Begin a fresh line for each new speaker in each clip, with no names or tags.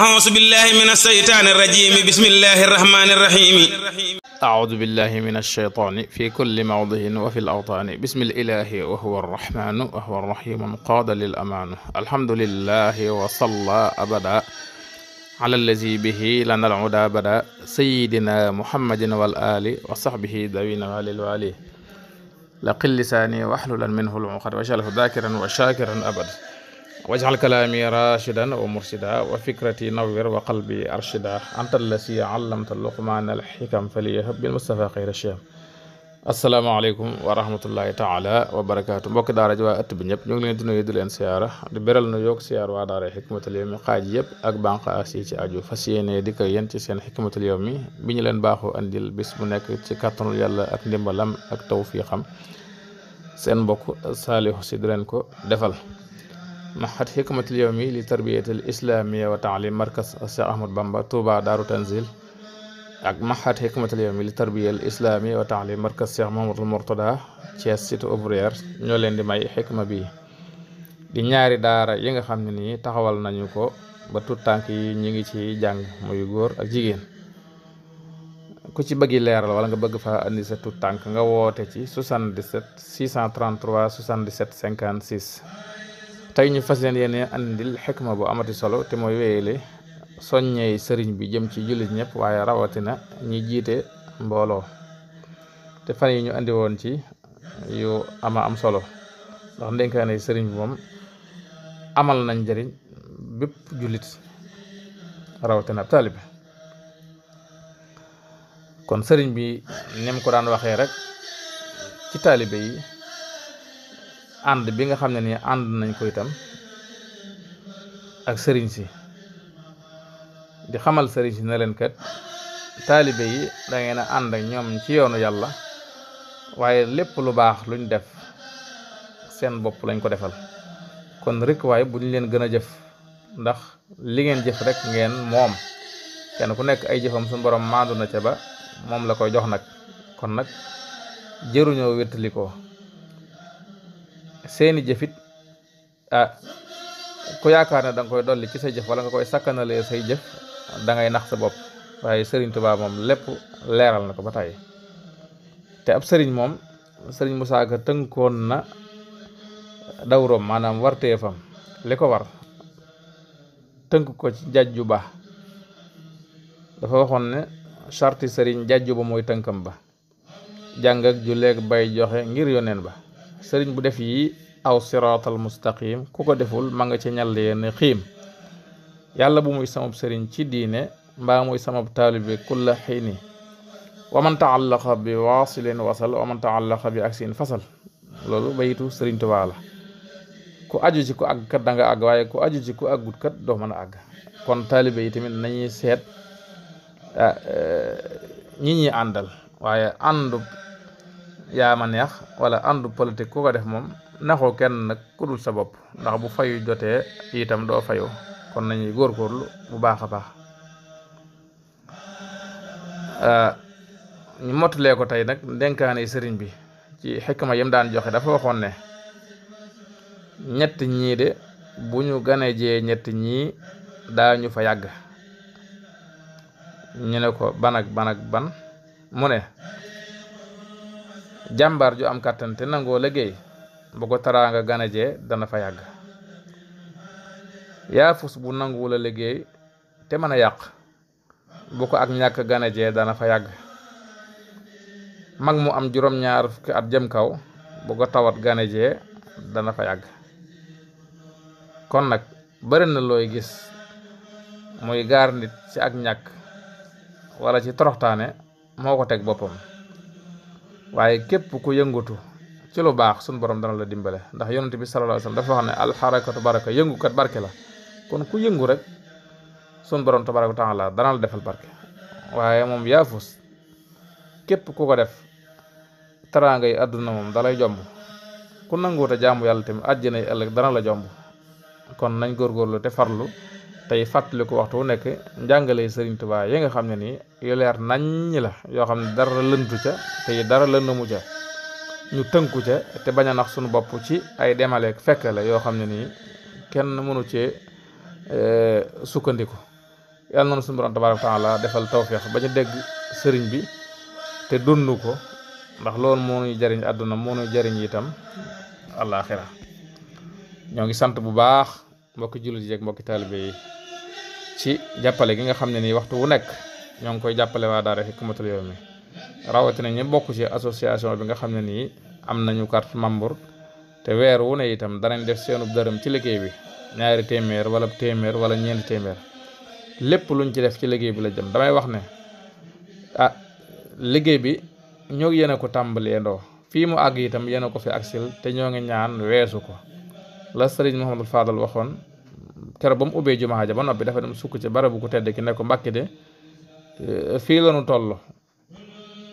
أعوذ بالله من الشيطان الرجيم بسم الله الرحمن الرحيم أعوذ بالله من الشيطان في كل موضع وفي الأوطان بسم الإله وهو الرحمن وهو الرحيم قاد للأمان الحمد لله وصلى أبدا على الذي به لنا العدا بدا سيدنا محمد والآل وصحبه ذوين والي لقل لساني واحلل منه العقد وجعله ذاكرا وشاكرا أبدا wajal kalaami rashidan wa murshida wa fikrati nawwir wa qalbi arshida anta allasi allamta luqmaana alxikam faliyahab bil mustafa xayra sham asalaamaaleykum wa rahmatullahi taala wa barakaatu mbokki daara ji at bi ñëpp ñu ngi leen di nuyu di leen siyaara di beral nu yoog siyaar waa daara xikmatul yawmi xaaj yëpp ak banqaas yi ci aju fas yéene di ko yéen ci seen xikmatul yawmi bi ñu leen baaxoo andil bis bu nekk ci kàttanul yàlla ak ndimbalam ak tawfiixam seen mbokk saalihu di leen ko defal maxat xikmatul yawmi li tarbiyatil islamiya wa taalim markas Cheikh Ahmad Bamba Touba Daaru Tanzil ak maxat xikmatul yawmi li tarbiyatil islamiya wa taalim markas Cheikh Mahamadul Mourtada Thiès cité ouvrière ñoo leen di may xikma bi di ñaari daara yi nga xam ne nii taxawal nañu ko ba tut tànk yi ñu ngi ci jàng muy góor ak jigéen ku ci bëgg leeral wala nga bëgg fa andi sa tut tànk nga woote ci 77 633 77 tey ñu fas yéene andil xikma bu amati solo te mooy wéyale soññey sëriñ bi jëm ci jullit ñëpp waaye rawatina ñi jiite mbooloo te fan yi ñu andi woon ci yu ama am solo ndax ndénkaane sëriñ bi moom amal nañ njëriñ bépp jullit rawatina ab taalib kon sëriñ bi ni mu ko daan waxee rek ci taalibe yi ànd bi nga xam ne nii ànd nañ ko itam ak sëriñ si di xamal sëriñ si na leen kat taalibe yi dangeen a ànd ñoom ci yoonu yàlla waaye lépp lu baax luñ def seen bopp lañ ko defal kon rek waaye bu ñu leen gën a jëf ndax li ngeen jëf rek ngeen moom kenn ku nekk ay jëfam suñu borom maandu na ca ba moom la koy jox nag kon nag jëruñoo wéttali ko seeni jëfit ah ku yaakaar ne da nga koy dolli ci say jëf wala nga koy sakkanalee say jëf dangay nax sa bopp waaye sëriñ Tuubaa moom lépp leeral na ko ba tàyyi te ab sëriñ moom sëriñ Musaa Ka tënkoon na dawroom maanaam warteefam li ko war tënk ko ci jàjju ba dafa waxoon ne sarti sëriñ jàjju ba mooy tënkam ba jàng ak ju leeg bay joxe ngir yoneen ba sëriñ bu def yi aw siraatal mustaqim ku ko deful ma nga ci ñal yenn xiim yàlla bu muy samab sëriñ ci diine mbaa muy samab taalibe kulla xiini wa man taallaqa bi waasilin wasal wa bi aksin fasal loolu bayitu sëriñ Tuubaa la ku aju ci ku àgg kat da nga waaye ku aju ci ku àggut kat doo mën a àgg kon taalibe yi tamit nañuy seet ah, eh, ñi ñuy àndal waaye àndu yaa ma neex wala àndu politique ku ko def moom naxoo kenn nag ku dul sa bopp ndax bu fayu jotee itam doo fayu kon nañuy góorgóorlu bu baax a baax ah, ñu mottalee ko tey nag dénkaane sëriñ bi ci xikma yim daan joxe dafa waxoon ne ñett ñii de bu ñu gane jee ñett ñii ñu fa yàgg ñu ne ko ban ak ban mu ne jàmbaar ju am kàttan te nangoo léggéey bu ko taraanga ganajee dana fa yàgg yaafus bu nanguwul a liggéey te mën a yàq bu ko ak ñàkk ganajee dana fa yàgg mag mu am juróom-ñaar fukki at jëm kaw bu ko tawat ganajee dana fa yàgg kon nag bëri na looy gis muy gaar nit ci ak ñàkk wala ci toroxtaane moo ko teg boppam waaye képp ku yëngatu ci lu baax sunu borom dana la dimbale ndax yonent bi sallallahu alayhi wasallam dafa xam ne alxarakatu baraka yëngukat barke la kon ku yëngu rek sunu borom tabaraka taala dana la defal barke waaye moom yaafus képp ku ko def taraanga yi àdduna moom dalay jomb ku nanguwut a jaamu yàlla tamit àjjana yi ëllëg dana la jomb kon nañ góorgóorlu te farlu tey fàttaliku waxtu wu nekk njàngale sëriñ Tuubaa yi nga xam ne nii yu leer naññ la yoo xam ne dara lëntu ca te dara lëndamu ca ñu tënku ca te bañ a nax sunu bopp ci ay demaleek fekk la yoo xam ne nii kenn mënu cee e, sukkandiku yàlla noonu suñu borom tabaaraka taala defal tawféex ba ñu dégg sëriñ bi te dund ko ndax loolu moo ñuy jariñ àdduna moo ñuy jariñ itam àllaaxira ñoo ngi sant bu baax mbokki jullit yi ak mbokki taalibe yi ci jàppale gi nga xam ne nii waxtu wu nekk ñoo ngi koy jàppale waa daara Hikmatul mi rawatina ñu bokk ci association bi nga xam ne nii am nañu carte membre te weer wu ne itam danañ def seenu dërëm ci liggéey bi ñaari téeméer wala téeméer wala ñeenti téeméer lépp luñ ci def ci liggéey bi la jëm damay wax ne ah liggéey bi ñoog yéen ko tàmbalee ndoo fii mu àgg itam yéen ko fi aksil te ñoo ngi ñaan weesu ko la sëriñ Mouhamadou Fadal waxoon keroog ba mu ubbee jumaa ja ba noppi dafa dem sukk ci barabu ku tedd ki ne ko mbàkki de eh, fii lanu ñu toll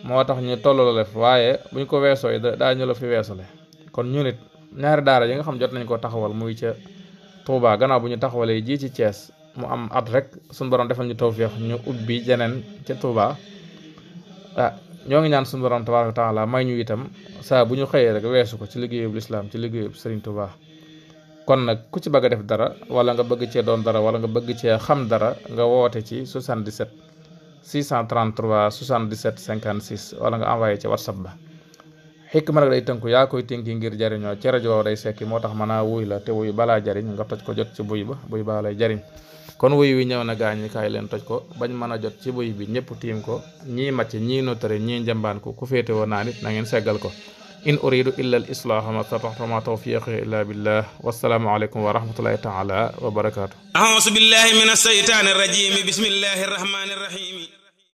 moo tax ñu toll la def waaye bu ñu ko weesoo yi daa ñu la fi weesule kon ñu nit ñaari daara yi nga xam jot nañ ko taxawal muy ca Touba gannaaw bu ñu taxawalee ji ci cees mu am at rek suñu borom defal ñu tawféex ñu ubbi jeneen ca Touba ah ñoo ngi ñaan suñu borom tabaaraka taala may ñu itam saa bu ñu xëyee rek weesu ko ci liggéeyub lislaam ci liggéeyub Serigne Touba. kon nag ku ci bëgg a def dara wala nga bëgg cee doon dara wala nga bëgg cee xam dara nga woote ci 77 633 77 56 wala nga envoyé ci whatsapp ba xikma nag day tënku yaa koy tënki ngir jariñoo ci rajo day sekki moo tax mën a wuy la te wuy balaa jariñ nga toj ko jot ci buy ba buy baa lay jariñ kon wuy wi ñëw na gaañi kaay leen toj ko bañ mën a jot ci buy bi ñëpp tiim ko ñii mat màcc ñii notari ñii njambaan ko ku féete woon naa nit na ngeen seggal ko in uridu illa al islaha ma stataxtu ma tawfiqi illa billah wassalaamu aleykum wa rahmatullahi taala wa barakatuh a'uuzu billahi min ashaytaani rajim bismillahi rahmaani rahim